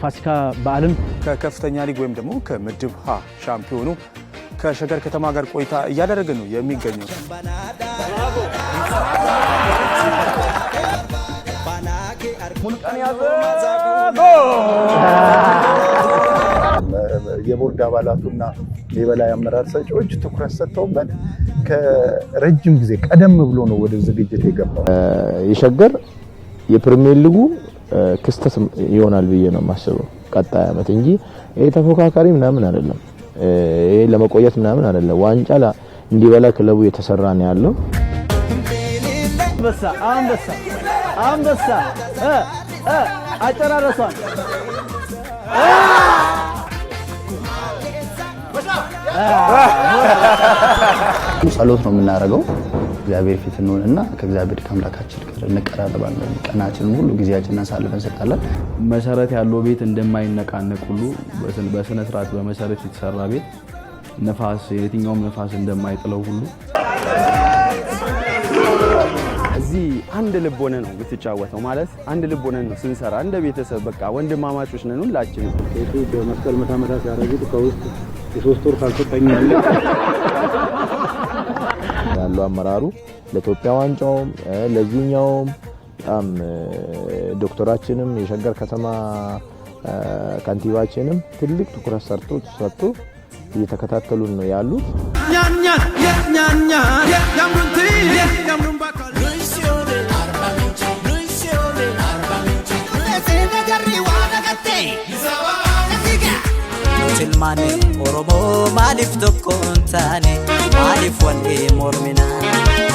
ፋሲካ በአልም ከከፍተኛ ሊግ ወይም ደግሞ ከምድብ ሀ ሻምፒዮኑ ከሸገር ከተማ ጋር ቆይታ እያደረገ ነው የሚገኘው። የቦርድ አባላቱና የበላይ አመራር ሰጪዎች ትኩረት ሰጥተውበት ከረጅም ጊዜ ቀደም ብሎ ነው ወደ ዝግጅት የገባው የሸገር የፕሪሚየር ሊጉ ክስተት ይሆናል ብዬ ነው የማስበው ቀጣይ አመት እንጂ ይሄ ተፎካካሪ ምናምን አይደለም። ይሄ ለመቆየት ምናምን አይደለም። ዋንጫ እንዲበላ ክለቡ የተሰራ ነው ያለው። አንበሳ አንበሳ አንበሳ አጨራረሷል። ጸሎት ነው የምናደርገው። እግዚአብሔር ፊት እንሆን እና ከእግዚአብሔር ከአምላካችን ጋር እንቀራረባለን። ቀናችን ሁሉ ጊዜያችን አሳልፈን እንሰጣለን። መሰረት ያለው ቤት እንደማይነቃነቅ ሁሉ በስነ በመሰረት የተሰራ ቤት ነፋስ፣ የትኛውም ነፋስ እንደማይጥለው ሁሉ እዚህ አንድ ልብ ሆነ ነው የምትጫወተው። ማለት አንድ ልብ ሆነ ነው ስንሰራ እንደ ቤተሰብ በቃ ወንድማማቾች ነን ሁላችን። ሴቱ በመስቀል መታመታ ሲያደረጉት ከውስጥ የሶስት ወር ካልሰጠኝ ያለው አመራሩ ለኢትዮጵያ ዋንጫውም ለዚህኛውም በጣም ዶክተራችንም የሸገር ከተማ ከንቲባችንም ትልቅ ትኩረት ሰርቶ ሰጥቶ እየተከታተሉን ነው ያሉት። ኦሮሞ ማሊፍ ቶኮንታኔ Ay, fue aquí, mormina.